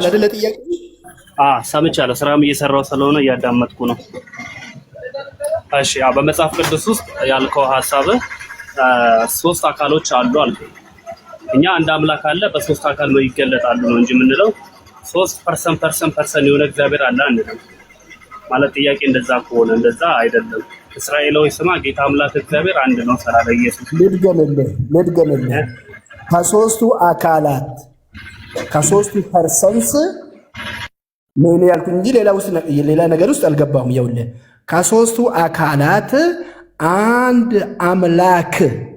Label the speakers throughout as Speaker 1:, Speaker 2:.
Speaker 1: አይደለ? ጥያቄ ሰምቻለሁ። ስራም እየሰራው ስለሆነ እያዳመጥኩ ነው። እሺ፣ በመጽሐፍ ቅዱስ ውስጥ ያልከው ሀሳብ ሶስት አካሎች አሉ አልከው። እኛ አንድ አምላክ አለ በሶስት አካል ነው ይገለጣሉ ነው እንጂ የምንለው ሶስት ፐርሰን ፐርሰን ፐርሰን የሆነ እግዚአብሔር አለ አንልም። ማለት ጥያቄ እንደዛ ከሆነ እንደዛ አይደለም። እስራኤላዊ ስማ ጌታ አምላክ እግዚአብሔር አንድ ነው ስላለ ኢየሱስ
Speaker 2: ልድገምልህ ልድገምልህ ከሶስቱ አካላት ከሶስቱ ፐርሰንስ ነው ያልኩ እንጂ ሌላ ነገር ውስጥ አልገባሁም። ይኸውልህ ከሶስቱ አካላት አንድ አምላክ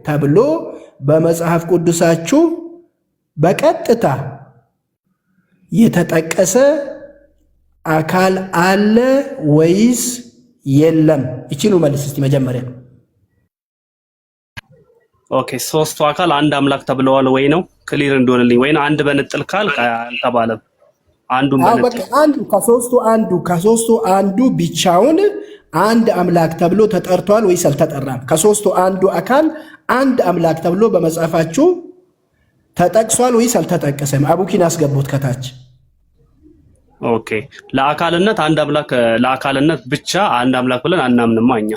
Speaker 2: ተብሎ በመጽሐፍ ቅዱሳችሁ በቀጥታ የተጠቀሰ አካል አለ ወይስ የለም? ይችሉ መልስ እስቲ መጀመሪያ።
Speaker 1: ኦኬ ሶስቱ አካል አንድ አምላክ ተብለዋል ወይ ነው ክሊር እንደሆነልኝ ወይ አንድ በንጥል ካል አልተባለም። አንዱ
Speaker 2: አንዱ ከሶስቱ አንዱ ከሶስቱ አንዱ ብቻውን አንድ አምላክ ተብሎ ተጠርቷል ወይስ አልተጠራም? ከሶስቱ አንዱ አካል አንድ አምላክ ተብሎ በመጽሐፋችሁ ተጠቅሷል ወይስ አልተጠቀሰም? አቡኪን አስገቡት ከታች።
Speaker 1: ኦኬ ለአካልነት አንድ አምላክ ለአካልነት ብቻ አንድ አምላክ ብለን አናምንማ እኛ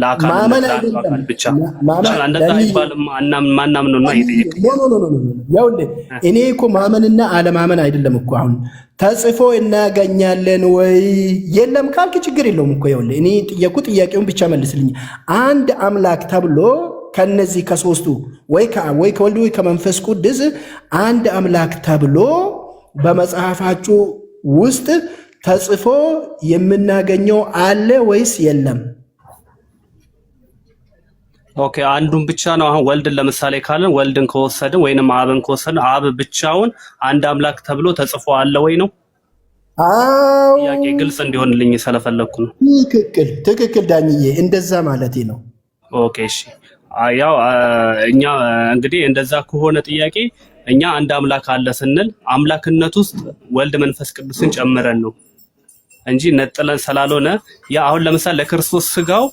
Speaker 1: ለአካል
Speaker 2: እኔ እኮ ማመንና አለማመን አይደለም እኮ አሁን ተጽፎ እናገኛለን ወይ የለም ካልክ ችግር የለውም እኮ ይኸውልህ፣ እኔ ጥያቄውን ብቻ መልስልኝ። አንድ አምላክ ተብሎ ከነዚህ ከሶስቱ ወይ ወይ ከወልድ ወይ ከመንፈስ ቅዱስ አንድ አምላክ ተብሎ በመጽሐፋችሁ ውስጥ ተጽፎ የምናገኘው አለ ወይስ የለም?
Speaker 1: ኦኬ አንዱን ብቻ ነው አሁን ወልድን ለምሳሌ ካለን ወልድን ከወሰድን ወይንም አብን ከወሰድን አብ ብቻውን አንድ አምላክ ተብሎ ተጽፎ አለ ወይ ነው ጥያቄ ግልጽ እንዲሆንልኝ ስለፈለግኩ ነው
Speaker 2: ትክክል ትክክል ዳኝዬ እንደዛ ማለት ነው
Speaker 1: ኦኬ እሺ ያው እኛ እንግዲህ እንደዛ ከሆነ ጥያቄ እኛ አንድ አምላክ አለ ስንል አምላክነት ውስጥ ወልድ መንፈስ ቅዱስን ጨምረን ነው እንጂ ነጥለን ስላልሆነ ያ አሁን ለምሳሌ ለክርስቶስ ስጋው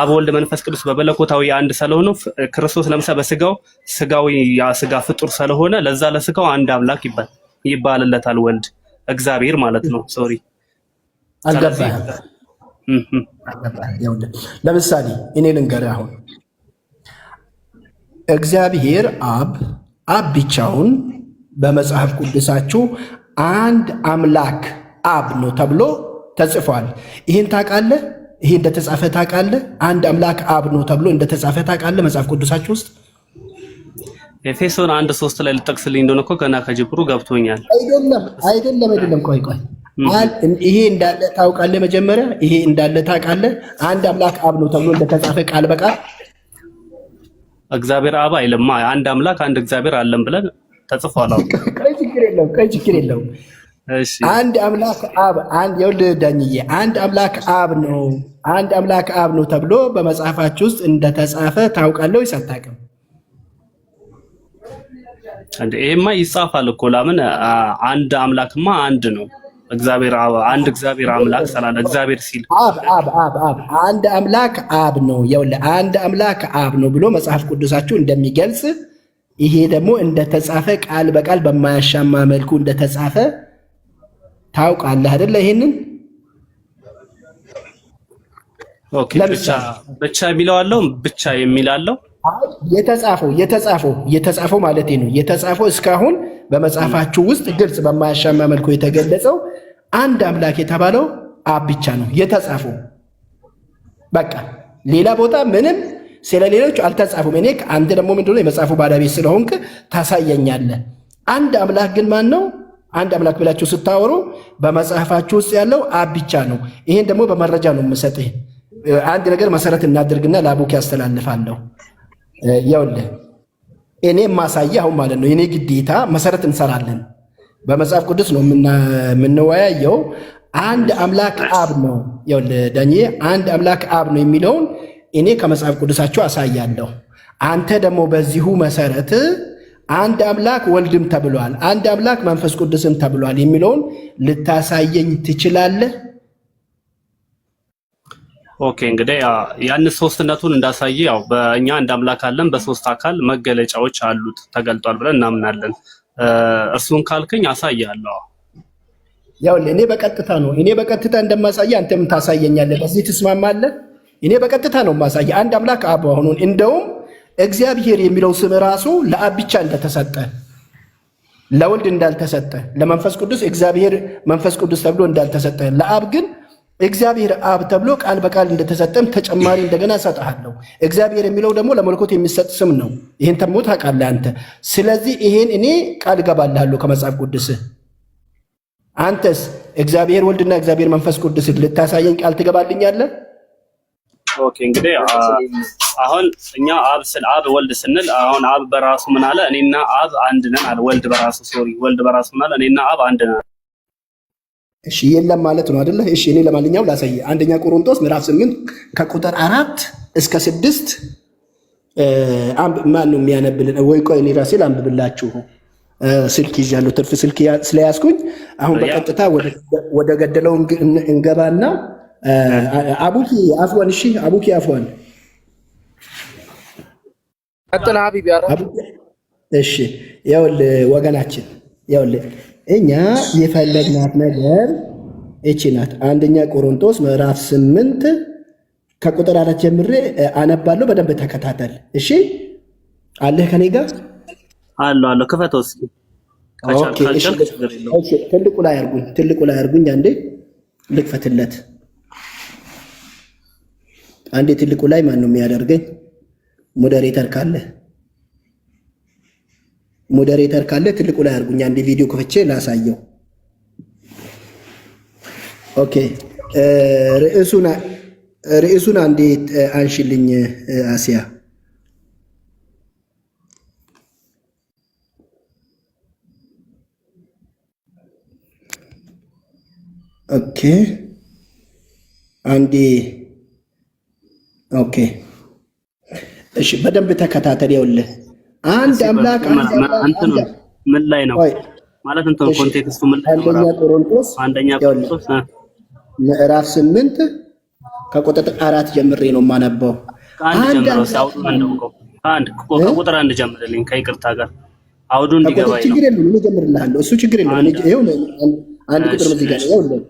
Speaker 1: አብ ወልድ መንፈስ ቅዱስ በመለኮታዊ አንድ ስለሆኑ ክርስቶስ ለምሳ በስጋው ስጋዊ ያ ስጋ ፍጡር ስለሆነ ለዛ ለስጋው አንድ አምላክ ይባልለታል። ወልድ እግዚአብሔር ማለት ነው። ሶሪ
Speaker 2: አልገባህም። ለምሳሌ እኔ አሁን እግዚአብሔር አብ አብ ብቻውን በመጽሐፍ ቅዱሳችሁ አንድ አምላክ አብ ነው ተብሎ ተጽፏል። ይህን ታውቃለህ? ይሄ እንደተጻፈ ታውቃለህ? አንድ አምላክ አብ ነው ተብሎ እንደተጻፈ ታውቃለህ? መጽሐፍ ቅዱሳችሁ ውስጥ
Speaker 1: ኤፌሶን አንድ ሶስት ላይ ልጠቅስልኝ እንደሆነ እኮ ገና ከጅብሩ ገብቶኛል።
Speaker 2: አይደለም አይደለም አይደለም። ቆይ ቆይ፣ ይሄ እንዳለ ታውቃለህ? መጀመሪያ ይሄ እንዳለ ታውቃለህ? አንድ አምላክ አብ ነው ተብሎ እንደተጻፈ ቃል በቃል
Speaker 1: እግዚአብሔር አብ አይልማ። አንድ አምላክ አንድ እግዚአብሔር አለን ብለን ተጽፏል። ቆይ
Speaker 2: ችግር የለውም። አንድ አምላክ አብ አንድ የወልድ ዳኝዬ አንድ አምላክ አብ ነው አንድ አምላክ አብ ነው ተብሎ በመጽሐፋችሁ ውስጥ እንደተጻፈ ታውቃለህ ወይስ አታውቅም?
Speaker 1: እንደ ይሄማ ይጻፋል እኮ ለምን አንድ አምላክማ አንድ ነው። እግዚአብሔር አብ አንድ እግዚአብሔር አምላክ ሰላለ እግዚአብሔር ሲል
Speaker 2: አብ አብ አብ አብ አንድ አምላክ አብ ነው የውል አንድ አምላክ አብ ነው ብሎ መጽሐፍ ቅዱሳችሁ እንደሚገልጽ ይሄ ደግሞ እንደተጻፈ ቃል በቃል በማያሻማ መልኩ እንደተጻፈ ታውቃለህ አይደለ? ይሄንን
Speaker 1: ኦኬ። ብቻ ብቻ አለው ብቻ አለው
Speaker 2: የተጻፈው የተጻፈው የተጻፈው ማለት ነው። የተጻፈው እስካሁን በመጽሐፋችሁ ውስጥ ግልጽ በማያሻማ መልኩ የተገለጸው አንድ አምላክ የተባለው አብ ብቻ ነው የተጻፈው። በቃ ሌላ ቦታ ምንም ስለ ሌሎች አልተጻፉም። እኔ አንድ ደግሞ ምንድነው የመጽሐፉ ባለቤት ስለሆንክ ታሳየኛለህ። አንድ አምላክ ግን ማን ነው? አንድ አምላክ ብላችሁ ስታወሩ በመጽሐፋችሁ ውስጥ ያለው አብ ብቻ ነው። ይሄን ደግሞ በመረጃ ነው የምሰጥህ። አንድ ነገር መሰረት እናድርግና ለአቡክ ያስተላልፋለሁ። ይኸውልህ እኔ ማሳየ አሁን ማለት ነው የኔ ግዴታ መሰረት እንሰራለን። በመጽሐፍ ቅዱስ ነው የምንወያየው። አንድ አምላክ አብ ነው። ይኸውልህ ዳኜ አንድ አምላክ አብ ነው የሚለውን እኔ ከመጽሐፍ ቅዱሳችሁ አሳያለሁ። አንተ ደግሞ በዚሁ መሰረት አንድ አምላክ ወልድም ተብሏል፣ አንድ አምላክ መንፈስ ቅዱስም ተብሏል የሚለውን ልታሳየኝ ትችላለህ?
Speaker 1: ኦኬ እንግዲህ ያን ሶስትነቱን እንዳሳየ ያው በእኛ አንድ አምላክ አለን፣ በሶስት አካል መገለጫዎች አሉት ተገልጧል ብለን እናምናለን። እርሱን ካልከኝ አሳያለሁ።
Speaker 2: ያው እኔ በቀጥታ ነው እኔ በቀጥታ እንደማሳየ አንተም ታሳየኛለህ። በዚህ ትስማማለህ? እኔ በቀጥታ ነው ማሳየ አንድ አምላክ አብ መሆኑን እንደውም እግዚአብሔር የሚለው ስም ራሱ ለአብ ብቻ እንደተሰጠ ለወልድ እንዳልተሰጠ ለመንፈስ ቅዱስ እግዚአብሔር መንፈስ ቅዱስ ተብሎ እንዳልተሰጠ ለአብ ግን እግዚአብሔር አብ ተብሎ ቃል በቃል እንደተሰጠም ተጨማሪ እንደገና እሰጥሃለሁ። እግዚአብሔር የሚለው ደግሞ ለመለኮት የሚሰጥ ስም ነው። ይህን ተሞ ታውቃለህ አንተ። ስለዚህ ይሄን እኔ ቃል እገባልሃለሁ ከመጽሐፍ ቅዱስ አንተስ እግዚአብሔር ወልድና እግዚአብሔር መንፈስ ቅዱስ ልታሳየኝ ቃል ትገባልኛለህ?
Speaker 1: ኦኬ እንግዲህ አሁን እኛ አብ ስል አብ ወልድ ስንል አሁን አብ በራሱ ምን አለ? እኔና አብ አንድ ነን አለ። ወልድ በራሱ ሶሪ፣ ወልድ በራሱ ምን አለ? እኔና አብ አንድ ነን።
Speaker 2: እሺ የለም ማለት ነው አይደለ? እሺ እኔ ለማንኛውም ላሳይ። አንደኛ ቆሮንቶስ ምዕራፍ 8 ከቁጥር አራት እስከ ስድስት ማን ነው የሚያነብልን? ወይ ቆይ እኔ ራሴ ላንብብላችሁ። ስልክ ይዣለሁ፣ ትርፍ ስልክ ስለያዝኩኝ አሁን በቀጥታ ወደ ገደለው እንገባና አቡኪ አፍዋን፣ እሺ አቡኪ አፍዋን፣ ቀጥል ሀቢብ። እሺ ይኸውልህ ወገናችን፣ ይኸውልህ እኛ የፈለግናት ነገር እቺ ናት። አንደኛ ቆሮንቶስ ምዕራፍ ስምንት ከቁጥር አራት ጀምሬ አነባለሁ። በደንብ ተከታተል እሺ። አለህ ከኔ ጋር
Speaker 1: አለ አለ። ክፈተው እስኪ።
Speaker 2: ትልቁ ላይ አርጉኝ፣ ትልቁ ላይ አርጉኝ። አንዴ ልክፈትለት አንዴ ትልቁ ላይ ማን ነው የሚያደርገኝ? ሞዴሬተር ካለ ሞዴሬተር ካለ ትልቁ ላይ አድርጉኝ። አንዴ ቪዲዮ ከፍቼ ላሳየው። ኦኬ ርዕሱን ርዕሱን አንዴ አንሽልኝ አሲያ። ኦኬ አንዴ ኦኬ እሺ፣ በደንብ ተከታተል። ይኸውልህ አንድ አምላክ
Speaker 1: አንተ ነው። ምን ላይ ነው ማለት እንትን ኮንቴክስቱ ምን ላይ ነው?
Speaker 2: አንደኛ ቆሮንቶስ
Speaker 1: አንደኛ ቆሮንቶስ
Speaker 2: ምዕራፍ ስምንት ከቁጥር አራት ጀምሬ ነው የማነበው።
Speaker 1: አንድ ከቁጥር አንድ ጀምርልኝ ከይቅርታ ጋር አውዱን እንዲገባ ነው።
Speaker 2: ችግር የለም እጀምርልሃለሁ። እሱ ችግር የለም። አንድ ቁጥር እዚህ ጋር ይኸውልህ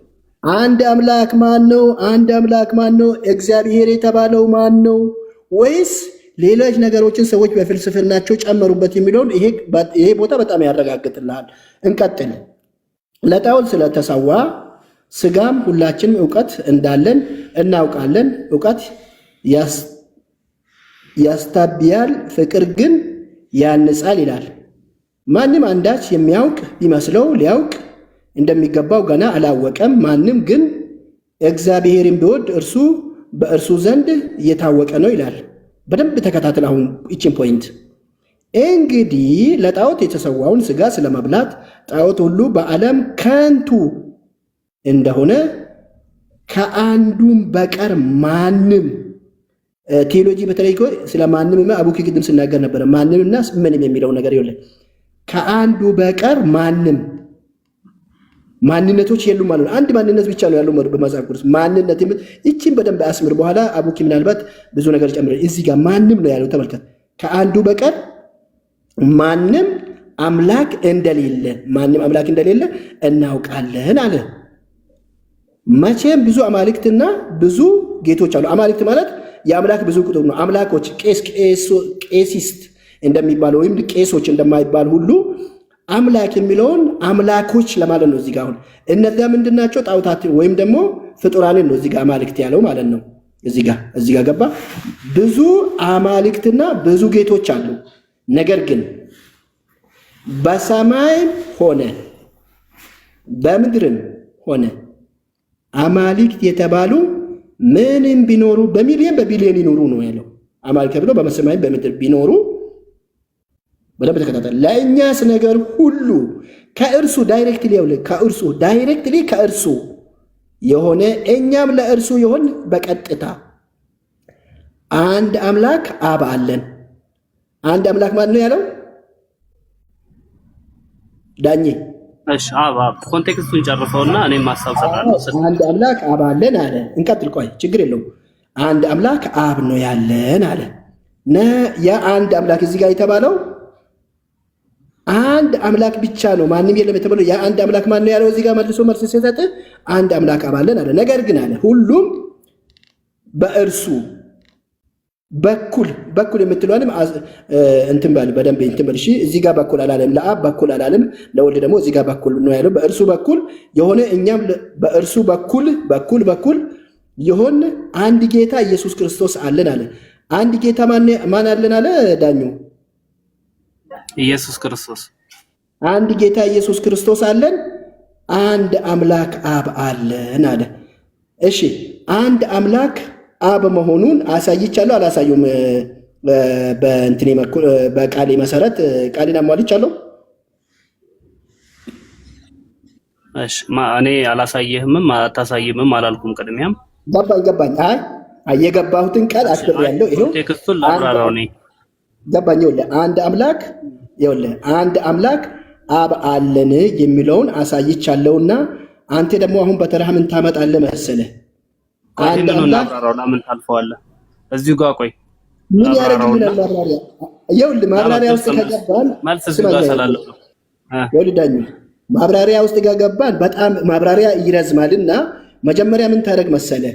Speaker 2: አንድ አምላክ ማን ነው? አንድ አምላክ ማን ነው? እግዚአብሔር የተባለው ማን ነው? ወይስ ሌሎች ነገሮችን ሰዎች በፍልስፍናቸው ጨመሩበት የሚለውን ይሄ ቦታ በጣም ያረጋግጥልሃል። እንቀጥል። ለጣውል ስለተሰዋ ስጋም ሁላችንም እውቀት እንዳለን እናውቃለን። እውቀት ያስታብያል፣ ፍቅር ግን ያንጻል ይላል። ማንም አንዳች የሚያውቅ ቢመስለው ሊያውቅ እንደሚገባው ገና አላወቀም። ማንም ግን እግዚአብሔርን ቢወድ እርሱ በእርሱ ዘንድ እየታወቀ ነው ይላል። በደንብ ተከታተል። አሁን ይችን ፖይንት እንግዲህ ለጣዖት የተሰዋውን ስጋ ስለመብላት ጣዖት ሁሉ በዓለም ከንቱ እንደሆነ ከአንዱም በቀር ማንም ቴዎሎጂ በተለይ ስለ ማንም አቡኪ ቅድም ስናገር ነበረ። ማንም እና ምንም የሚለው ነገር ይለ ከአንዱ በቀር ማንም ማንነቶች የሉም ማለት ነው። አንድ ማንነት ብቻ ነው ያለው በመጽሐፍ ቅዱስ ማንነት የሚል ይችን በደንብ አስምር። በኋላ አቡኪ ምናልባት ብዙ ነገር ጨምረ እዚህ ጋር ማንም ነው ያለው ተመልከት። ከአንዱ በቀር ማንም አምላክ እንደሌለ ማንም አምላክ እንደሌለ እናውቃለን አለ። መቼም ብዙ አማልክትና ብዙ ጌቶች አሉ። አማልክት ማለት የአምላክ ብዙ ቁጥር ነው። አምላኮች ቄስ ቄሲስት እንደሚባል ወይም ቄሶች እንደማይባል ሁሉ አምላክ የሚለውን አምላኮች ለማለት ነው እዚጋ። አሁን እነዚያ ምንድናቸው? ጣውታት ወይም ደግሞ ፍጡራንን ነው እዚጋ አማልክት ያለው ማለት ነው። እዚጋ እዚጋ ገባ። ብዙ አማልክትና ብዙ ጌቶች አሉ። ነገር ግን በሰማይም ሆነ በምድርም ሆነ አማልክት የተባሉ ምንም ቢኖሩ በሚሊየን በቢሊየን ይኖሩ ነው ያለው። አማልክት ብሎ በሰማይም በምድር ቢኖሩ በደንብ ተከታተል። ለእኛስ ነገር ሁሉ ከእርሱ ዳይሬክትሊ ያውል ከእርሱ ዳይሬክትሊ ከእርሱ የሆነ እኛም ለእርሱ የሆን በቀጥታ አንድ አምላክ አብ አለን። አንድ አምላክ ማለት ነው ያለው ዳኜ
Speaker 1: እሺ አብ ኮንቴክስቱን ጨርሰውና እኔም ማሳብ
Speaker 2: ሰራለሁ። አንድ አምላክ አብ አለን አለ። እንቀጥል፣ ቆይ ችግር የለውም። አንድ አምላክ አብ ነው ያለን አለ። ያ አንድ አምላክ እዚህ ጋር የተባለው አንድ አምላክ ብቻ ነው፣ ማንም የለም የተባለው የአንድ አምላክ ማን ነው ያለው? እዚህ ጋር መልሶ መልስ ሲሰጥ አንድ አምላክ አባለን አለ። ነገር ግን አለ ሁሉም በእርሱ በኩል በኩል የምትለዋንም እንትን በል በደንብ እንትን በል እሺ። እዚህ ጋር በኩል አላለም፣ ለአብ በኩል አላለም፣ ለወልድ ደግሞ እዚህ ጋር በኩል ነው ያለው። በእርሱ በኩል የሆነ እኛም በእርሱ በኩል በኩል በኩል የሆን አንድ ጌታ ኢየሱስ ክርስቶስ አለን አለ። አንድ ጌታ ማን አለን አለ ዳኙ
Speaker 1: ኢየሱስ ክርስቶስ
Speaker 2: አንድ ጌታ ኢየሱስ ክርስቶስ አለን፣ አንድ አምላክ አብ አለን አለ። እሺ አንድ አምላክ አብ መሆኑን አሳይቻለሁ አላሳዩም? በእንትኔ በቃሌ መሰረት ቃሌን አሟልቻለሁ።
Speaker 1: እሺ እኔ አላሳየህምም አታሳይምም አላልኩም። ቅድሚያም
Speaker 2: ገባኝ ገባኝ። አይ የገባሁትን ቃል አስብ ያለው
Speaker 1: ይሄው ገባኝ።
Speaker 2: ይኸውልህ አንድ አምላክ ይኸውልህ አንድ አምላክ አብ አለን የሚለውን አሳይቻለሁና አንተ ደግሞ አሁን በተራህ ምን ታመጣለህ መሰለህ?
Speaker 1: አንድ አምላክ ለምን ታልፈዋለህ? እዚሁ ጋር ቆይ
Speaker 2: ምን ያደርግልናል? ማብራሪያ ይኸውልህ፣ ማብራሪያ ውስጥ ከገባን
Speaker 1: ማለት እዚሁ ጋር ሰላለሁ
Speaker 2: ይኸውልህ፣ ዳኝ ማብራሪያ ውስጥ ከገባን በጣም ማብራሪያ ይረዝማልና መጀመሪያ ምን ታደርግ መሰለህ?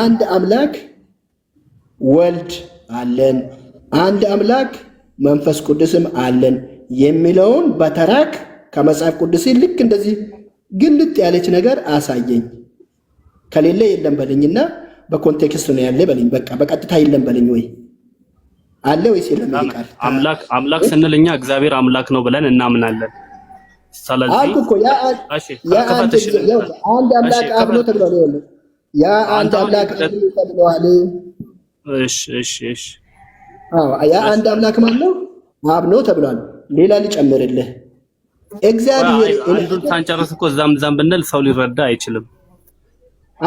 Speaker 2: አንድ አምላክ ወልድ አለን አንድ አምላክ መንፈስ ቅዱስም አለን የሚለውን በተራክ ከመጽሐፍ ቅዱስ ልክ እንደዚህ ግልጥ ያለች ነገር አሳየኝ። ከሌለ የለም በልኝና በኮንቴክስት ነው ያለ በልኝ። በቃ በቀጥታ የለም በልኝ ወይ አለ ወይስ የለም?
Speaker 1: ይቃል አምላክ አምላክ ስንል እኛ እግዚአብሔር አምላክ ነው ብለን እናምናለን። ስለዚህ
Speaker 2: አንድ አምላክ አብ ነው ተብሏል። ያ አንድ አምላክ ተብሏል።
Speaker 1: እሺ እሺ እሺ
Speaker 2: አንድ አምላክ ማለው ነው? አብ ነው ተብሏል። ሌላ ልጨምርልህ፣
Speaker 1: እግዚአብሔር አንዱን ሳንጨርስ እኮ ዛም ዛም ብንል ሰው ሊረዳ አይችልም።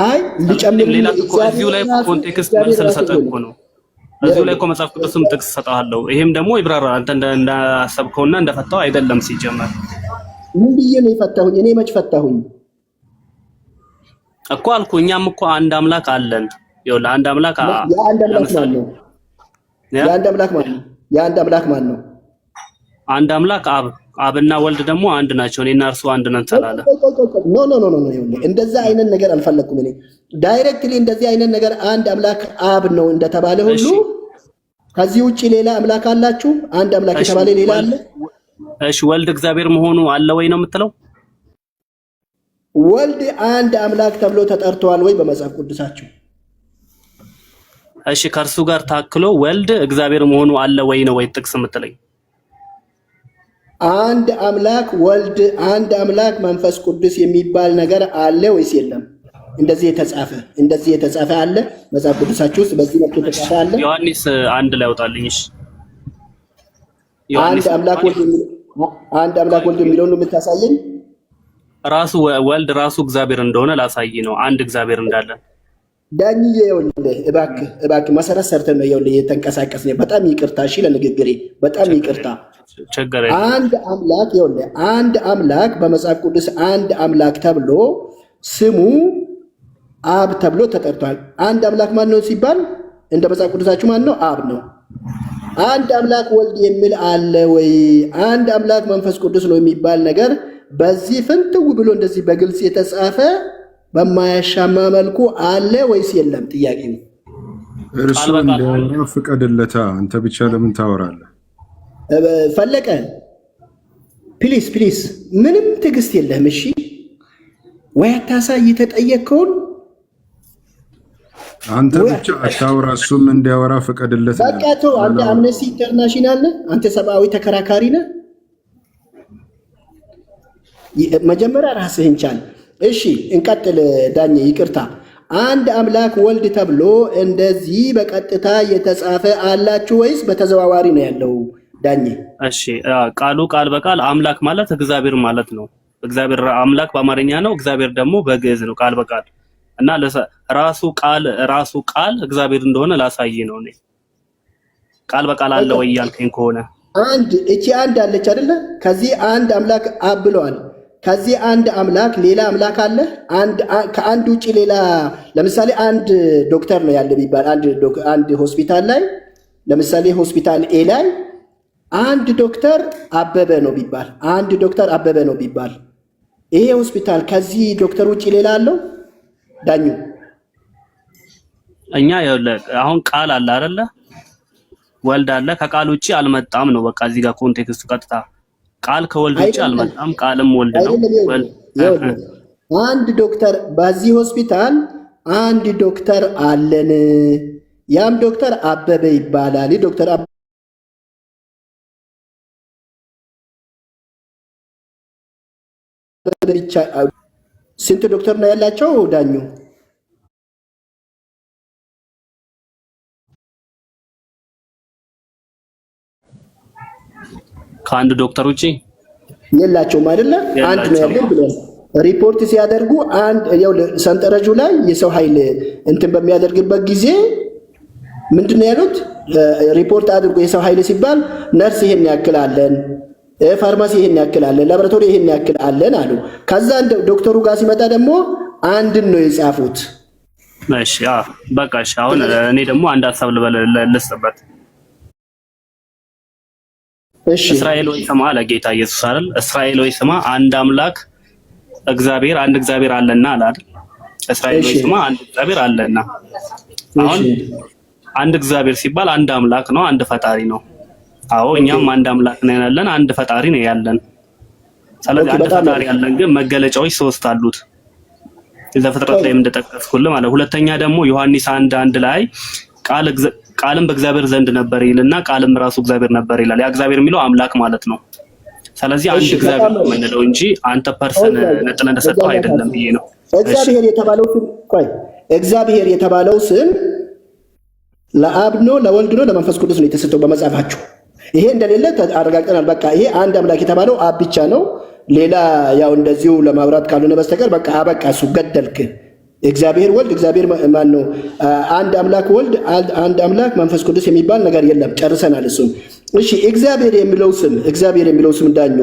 Speaker 1: አይ ልጨምርልህ፣ ሌላ እኮ እዚሁ ላይ ኮንቴክስት መልስ ልሰጥህ እኮ ነው። እዚሁ ላይ እኮ መጽሐፍ ቅዱስም ጥቅስ ሰጠሃለሁ። ይሄም ደግሞ ይብራራ። አንተ እንዳሰብከውና እንደፈታው አይደለም። ሲጀመር
Speaker 2: ምን ብዬ ነው የፈታሁኝ? እኔ መች ፈታሁኝ
Speaker 1: እኮ አልኩ። እኛም እኮ አንድ አምላክ አለን። ይኸውልህ አንድ አምላክ አንድ አምላክ
Speaker 2: የአንድ አምላክ ማን ነው? የአንድ አምላክ ማን ነው?
Speaker 1: አንድ አምላክ አብ አብና ወልድ ደግሞ አንድ ናቸው። እኔና እርሱ አንድ ነን ተላለ።
Speaker 2: ኖ ኖ ኖ ኖ እንደዛ አይነት ነገር አልፈለኩም። እኔ ዳይሬክትሊ እንደዚህ አይነት ነገር አንድ አምላክ አብ ነው እንደተባለ ሁሉ ከዚህ ውጪ ሌላ አምላክ አላችሁ? አንድ አምላክ የተባለ ሌላ አለ?
Speaker 1: እሺ ወልድ እግዚአብሔር መሆኑ አለ ወይ ነው የምትለው?
Speaker 2: ወልድ አንድ አምላክ ተብሎ ተጠርተዋል ወይ በመጽሐፍ ቅዱሳችሁ?
Speaker 1: እሺ ከእርሱ ጋር ታክሎ ወልድ እግዚአብሔር መሆኑ አለ ወይ ነው ወይ ጥቅስ የምትለኝ?
Speaker 2: አንድ አምላክ ወልድ፣ አንድ አምላክ መንፈስ ቅዱስ የሚባል ነገር አለ ወይስ የለም? እንደዚህ የተጻፈ እንደዚህ የተጻፈ አለ መጽሐፍ ቅዱሳችሁ ውስጥ በዚህ መልኩ የተጻፈ
Speaker 1: አለ? ዮሐንስ አንድ ላይ ያውጣልኝ። እሺ
Speaker 2: አንድ አምላክ ወልድ አንድ አምላክ ወልድ የሚለውን ነው የምታሳየኝ?
Speaker 1: ራሱ ወልድ ራሱ እግዚአብሔር እንደሆነ ላሳይ ነው አንድ እግዚአብሔር እንዳለን
Speaker 2: ዳኝዬ ይኸውልህ እባክህ እባክህ መሰረት ሰርተን ነው ይኸውልህ የተንቀሳቀስን። በጣም ይቅርታ እሺ፣ ለንግግሬ በጣም ይቅርታ። አንድ አምላክ ይኸውልህ አንድ አምላክ በመጽሐፍ ቅዱስ አንድ አምላክ ተብሎ ስሙ አብ ተብሎ ተጠርቷል። አንድ አምላክ ማን ነው ሲባል እንደ መጽሐፍ ቅዱሳችሁ ማን ነው? አብ ነው። አንድ አምላክ ወልድ የሚል አለ ወይ? አንድ አምላክ መንፈስ ቅዱስ ነው የሚባል ነገር በዚህ ፍንትው ብሎ እንደዚህ በግልጽ የተጻፈ በማያሻማ መልኩ አለ ወይስ የለም? ጥያቄ ነው።
Speaker 1: እርሱ እንዲያወራ ፍቀድለታ። አንተ ብቻ ለምን ታወራለህ?
Speaker 2: ፈለቀ ፕሊስ ፕሊስ፣ ምንም ትዕግስት የለህም። እሺ ወይ አታሳይ የተጠየቅከውን።
Speaker 1: አንተ ብቻ አታውራ፣ እሱም እንዲያወራ ፍቀድለት።
Speaker 2: በቃ ተው። አንተ አምነስቲ ኢንተርናሽናል ነህ፣ አንተ ሰብአዊ ተከራካሪ ነህ። መጀመሪያ ራስህን ቻል። እሺ እንቀጥል። ዳኘ ይቅርታ። አንድ አምላክ ወልድ ተብሎ እንደዚህ በቀጥታ የተጻፈ አላችሁ ወይስ በተዘዋዋሪ ነው ያለው? ዳኘ
Speaker 1: እሺ፣ ቃሉ ቃል በቃል አምላክ ማለት እግዚአብሔር ማለት ነው። እግዚአብሔር አምላክ በአማርኛ ነው፣ እግዚአብሔር ደግሞ በግዕዝ ነው ቃል በቃል እና ራሱ ቃል ራሱ ቃል እግዚአብሔር እንደሆነ ላሳይ ነው እኔ ቃል በቃል አለ ወይ እያልከኝ ከሆነ
Speaker 2: አንድ እቺ አንድ አለች አይደለ? ከዚህ አንድ አምላክ አብለዋል። ከዚህ አንድ አምላክ ሌላ አምላክ አለ? ከአንድ ውጭ ሌላ ለምሳሌ አንድ ዶክተር ነው ያለ ቢባል አንድ ሆስፒታል ላይ ለምሳሌ ሆስፒታል ኤ ላይ አንድ ዶክተር አበበ ነው ቢባል አንድ ዶክተር አበበ ነው ቢባል ይሄ ሆስፒታል ከዚህ ዶክተር ውጭ ሌላ አለው? ዳኙ
Speaker 1: እኛ አሁን ቃል አለ አይደለ? ወልድ አለ ከቃል ውጭ አልመጣም ነው በቃ እዚህ ጋር ኮንቴክስቱ ቀጥታ ቃል ከወልድ ውጭ አልመጣም። ቃልም ወልድ ነው።
Speaker 2: አንድ ዶክተር በዚህ ሆስፒታል አንድ ዶክተር አለን። ያም ዶክተር አበበ ይባላል። ዶክተር አበበ ብቻ ስንት ዶክተር ነው ያላቸው ዳኙ?
Speaker 1: ከአንድ ዶክተር ውጪ
Speaker 2: የላቸውም አይደለ? አንድ ነው ያለው ብሎ ሪፖርት ሲያደርጉ አንድ ያው ሰንጠረጁ ላይ የሰው ኃይል እንትን በሚያደርግበት ጊዜ ምንድን ነው ያሉት? ሪፖርት አድርጎ የሰው ኃይል ሲባል ነርስ ይሄን ያክል አለን፣ ፋርማሲ ይሄን ያክል አለን፣ ላብራቶሪ ይሄን ያክል አለን አሉ። ከዛ ዶክተሩ ጋር ሲመጣ ደግሞ አንድን ነው የጻፉት።
Speaker 1: እሺ በቃ እሺ። አሁን እኔ ደግሞ አንድ ሀሳብ ልስጥበት እስራኤል ወይ ስማ ጌታ ኢየሱስ አይደል? እስራኤል ወይ ስማ አንድ አምላክ እግዚአብሔር አንድ እግዚአብሔር አለና አለ አይደል? እስራኤል ወይ ስማ አንድ እግዚአብሔር አለና። አሁን አንድ እግዚአብሔር ሲባል አንድ አምላክ ነው፣ አንድ ፈጣሪ ነው። አዎ እኛም አንድ አምላክ ነን ያለን፣ አንድ ፈጣሪ ነው ያለን። ስለዚህ አንድ ፈጣሪ ያለን ግን መገለጫዎች ሶስት አሉት ዘፍጥረት ላይ እንደጠቀስኩልህ ማለት ሁለተኛ ደግሞ ዮሐንስ አንድ አንድ ላይ ቃል ቃልም በእግዚአብሔር ዘንድ ነበር ይልና ቃልም ራሱ እግዚአብሔር ነበር ይላል። ያ እግዚአብሔር የሚለው አምላክ ማለት ነው። ስለዚህ አንድ እግዚአብሔር ነው የምንለው እንጂ አንተ ፐርሰን ነጥለ እንደሰጠው አይደለም ብዬ ነው።
Speaker 2: እግዚአብሔር የተባለው ስም ቆይ እግዚአብሔር የተባለው ስም ለአብ ነው ለወልድ ነው ለመንፈስ ቅዱስ ነው የተሰጠው በመጽሐፋችሁ። ይሄ እንደሌለ አረጋግጠናል። በቃ ይሄ አንድ አምላክ የተባለው አብ ብቻ ነው። ሌላ ያው እንደዚሁ ለማብራት ካልሆነ በስተቀር በቃ አበቃ። እሱ ገደልክ እግዚአብሔር ወልድ እግዚአብሔር ማን ነው? አንድ አምላክ ወልድ፣ አንድ አምላክ መንፈስ ቅዱስ የሚባል ነገር የለም። ጨርሰናል። እሱም እሺ፣ እግዚአብሔር የሚለው ስም እግዚአብሔር የሚለው ስም ዳኙ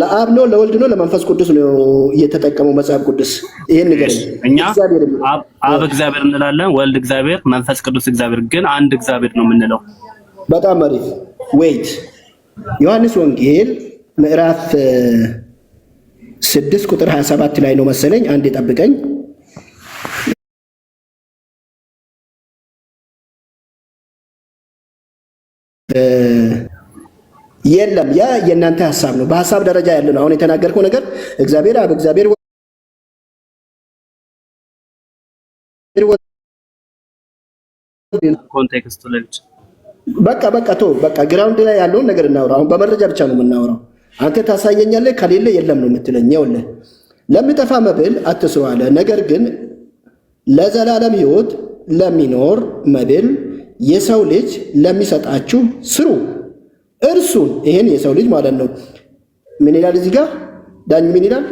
Speaker 2: ለአብ ነው ለወልድ ነው ለመንፈስ ቅዱስ ነው እየተጠቀመው መጽሐፍ ቅዱስ ይሄን ነገር
Speaker 1: እኛ አብ እግዚአብሔር እንላለን፣ ወልድ እግዚአብሔር፣ መንፈስ ቅዱስ እግዚአብሔር፣ ግን አንድ እግዚአብሔር ነው የምንለው።
Speaker 2: በጣም አሪፍ ዌይት ዮሐንስ ወንጌል ምዕራፍ ስድስት ቁጥር 27 ላይ ነው መሰለኝ። አንድ የጠብቀኝ የለም ያ የእናንተ ሀሳብ ነው። በሀሳብ ደረጃ ያለ ነው። አሁን የተናገርከው ነገር እግዚአብሔር አብ፣ እግዚአብሔር ኮንቴክስቱ በቃ በቃ ቶ በቃ ግራውንድ ላይ ያለውን ነገር እናውራ። አሁን በመረጃ ብቻ ነው የምናወራው። አንተ ታሳየኛለህ፣ ከሌለ የለም ነው የምትለኝ። ይኸውልህ ለሚጠፋ መብል አትስሩ አለ። ነገር ግን ለዘላለም ህይወት ለሚኖር መብል የሰው ልጅ ለሚሰጣችሁ ስሩ እርሱን ይሄን የሰው ልጅ ማለት ነው። ምን ይላል እዚህ ጋር ዳኙ? ምን ይላል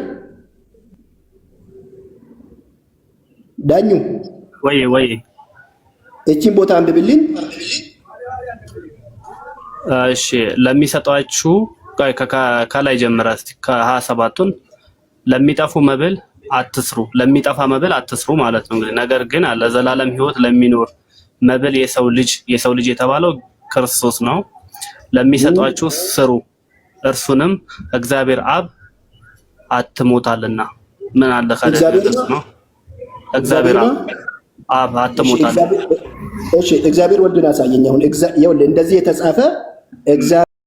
Speaker 2: ዳኙ? ወይ ወይ እቺን ቦታ አንብብልኝ።
Speaker 1: እሺ ለሚሰጣችሁ ከላይ ጀምረ ከሀያ ሰባቱን ለሚጠፉ መብል አትስሩ፣ ለሚጠፋ መብል አትስሩ ማለት ነው እንግዲህ ነገር ግን ለዘላለም ህይወት ለሚኖር መብል የሰው ልጅ የሰው ልጅ የተባለው ክርስቶስ ነው። ለሚሰጧችሁ ስሩ እርሱንም እግዚአብሔር አብ አትሞታልና። ምን አለ ነው እግዚአብሔር አብ አብ አትሞታልና።
Speaker 2: እሺ እግዚአብሔር ወልድን አሳየኝ። አሁን እንደዚህ የተጻፈ እግዚአብሔር